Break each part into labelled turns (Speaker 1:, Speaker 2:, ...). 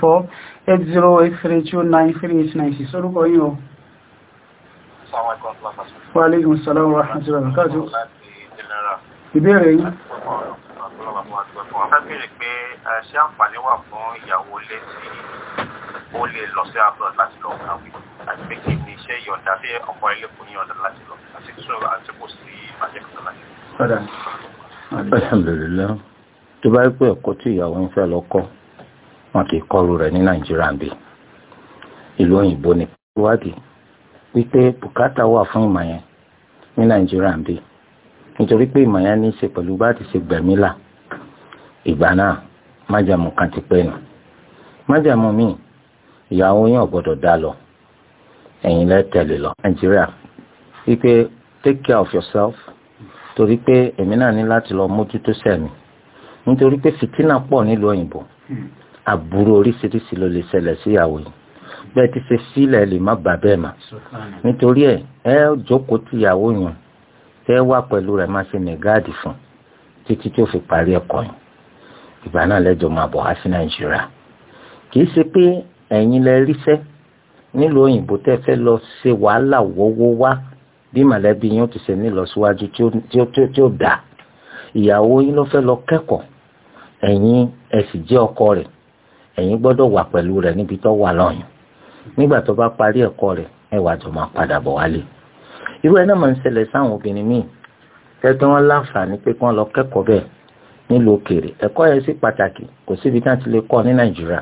Speaker 1: four eight zero eight three two nine three eight nine six orúkọ yín o. wa aleykum salaam wa rahmatullahi wa barakatuh. ìbéèrè pé ṣé àǹfààní wà fún ìyàwó ilé tí ó lè lọ sí abroad láti lọ kàwé àti pé kí ni iṣẹ́ ìyọ̀ǹda bí ọkọ ilé kò yọ̀ǹda láti lọ àti tó àti kò sí àjẹkùtà láti lọ. wọn kì í kọlu rẹ̀ ní nàìjíríà bí? bì ìlú òyìnbó ni wádìí wípé bùkátà wà fún ìmọ̀ yẹn ní nàìjíríà bí? bì nítorí pé ìmọ̀ yẹn ní í ṣe pẹ̀lú bá ti ṣe gbẹ̀mí là ìgbà náà májàmú kan ti pẹ́ nù májàmú míì ìyàwó yẹn ò gbọ́dọ̀ dá lọ ẹ̀yin lẹ́ lọ nàìjíríà wípé take care of yourself torí pé èmi náà ní láti lọ mójútó sẹ́mi nítorí pé fìtínà pọ̀ nílùú òyìnbó àbúrò oríṣiríṣi ló lè ṣẹlẹ̀ síyàwó yìí bẹ́ẹ̀ ti ṣe sílẹ̀ lè má bà bẹ́ẹ̀ mà nítorí ẹ̀ ẹ jókòó tìyàwó yẹn tẹ́ wà pẹ̀lú rẹ̀ má ṣe nìgáàdì fún títí tó fi parí ẹ̀kọ́ yìí ìgbà náà lẹ́jọ́ máa bọ̀ wá sí nàìjíríà kì í ṣe pé ẹ̀yin lẹ ríṣẹ́ nílùú òyìnbó tẹ́ fẹ́ lọ ṣe wàhálà wọ́wọ́ wá bí mọ̀lẹ́bí yín ó ti ṣe nílọsíwájú tí ó dà ìyàwó yín ló fẹ́ lọ kẹ́kọ̀ọ́ ẹ̀yin ẹ sì jẹ́ ọkọ rẹ̀ ẹ̀yin gbọ́dọ̀ wà pẹ̀lú rẹ̀ níbi tó wà lọ́yìn nígbà tó bá parí ẹ̀kọ́ rẹ̀ ẹ wá jọ máa padà bọ̀ wálé irú ẹ̀ náà máa ń ṣẹlẹ̀ sáwọn obìnrin míì tẹ́tẹ́ wọn láǹfààní pé kán lọ kẹ́kọ̀ọ́ bẹ́ẹ̀ nílùú òkèèrè ẹ̀kọ́ yẹn sì pàtàkì kò síbi tí wọ́n ti lè kọ́ ní nàìjíríà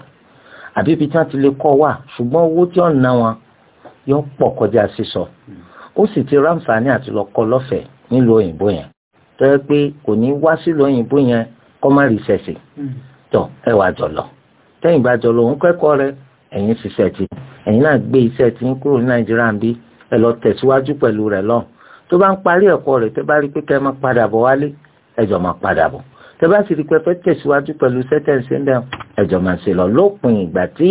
Speaker 1: àbí ibi tí wọ́n ti lè kọ́ wà ṣùgbọ́n owó tí wọ́n ná wọn yọ pọ̀ kọjá sísọ ó sì ti ráǹfààní àti lọ kọ́ lọ́fẹ̀ẹ́ nílùú òyìnbó yẹn tó yẹ pé kò ní wá sílùú òyìnbó yẹn kọ́ má rí sẹ̀sì hmm. tọ̀ ẹ wàá tẹ́yìn bá jọ lòun kẹ́kọ̀ọ́ rẹ ẹ̀yin ṣiṣẹ́ ti ẹ̀yin náà gbé iṣẹ́ ti ń kúrò ní nàìjíríà ń bí ẹ lọ tẹ̀síwájú pẹ̀lú rẹ̀ lọ tó bá ń parí ẹ̀kọ́ rẹ̀ tẹ́ bá rí pé kẹ́ máa padà bọ̀ wálé ẹjọ́ máa padà bọ̀ tẹ́ bá sì rí pé fẹ́ tẹ̀síwájú pẹ̀lú sẹ́tẹ̀ǹsì náà ẹjọ́ máa ṣe lọ lópin ìgbà tí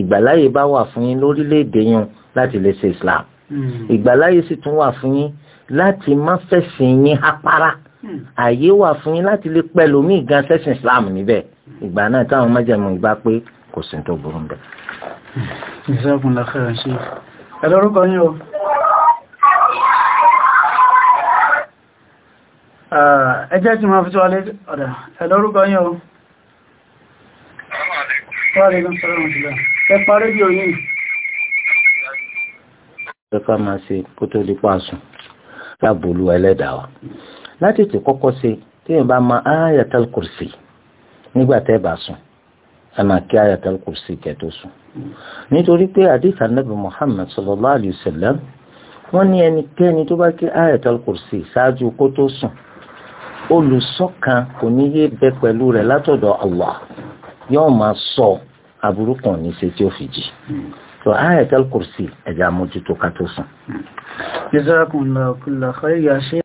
Speaker 1: ìgbàláyè bá wà fún yín lórílẹ̀‐èdè yín láti lè ṣe Islam hmm. ìgbàláyè sì tún wà fún yín láti má fẹ̀sìn yín hápárá hmm. àyè wà fún yín láti lè pẹ̀lú mí gan sẹ́sìn Islam níbẹ̀ ìgbà náà táwọn májẹ̀mú gbá pé kò sí tó burú ń bẹ̀. ìṣẹ́gun lọ́kẹ́rẹ́ ṣe ẹ lórúkọ yín o. ẹ jẹ́ kí n máa fi tó wá létí ọ̀dà ẹ lórúkọ yín o. ẹ parí bí oyin. ẹ ká máa ṣe kó tó di pàṣùn láàbò olú ẹlẹ́dàá wa láti tè kọ́kọ́ ṣe tí èèyàn máa ayatul kursi nígbà tẹ́ bá sùn ẹ máa kí ayatul kursi kẹ́ tó sùn nítorí pé hadith Ànábì Muhammad sallallahu alayhi wa sallam wọ́n ní ẹnikẹ́ni tó bá kí ayatul kursi ṣáájú kó tó sùn olùṣọ́kan kò ní yé bẹ pẹ̀lú rẹ̀ látọ̀dọ̀ Allah yóò máa sọ aburú ní ṣe tí ó fi jì tó ayatul kursi ẹ̀já mójútó ká tó sùn. jazakumullahu kullu khairan.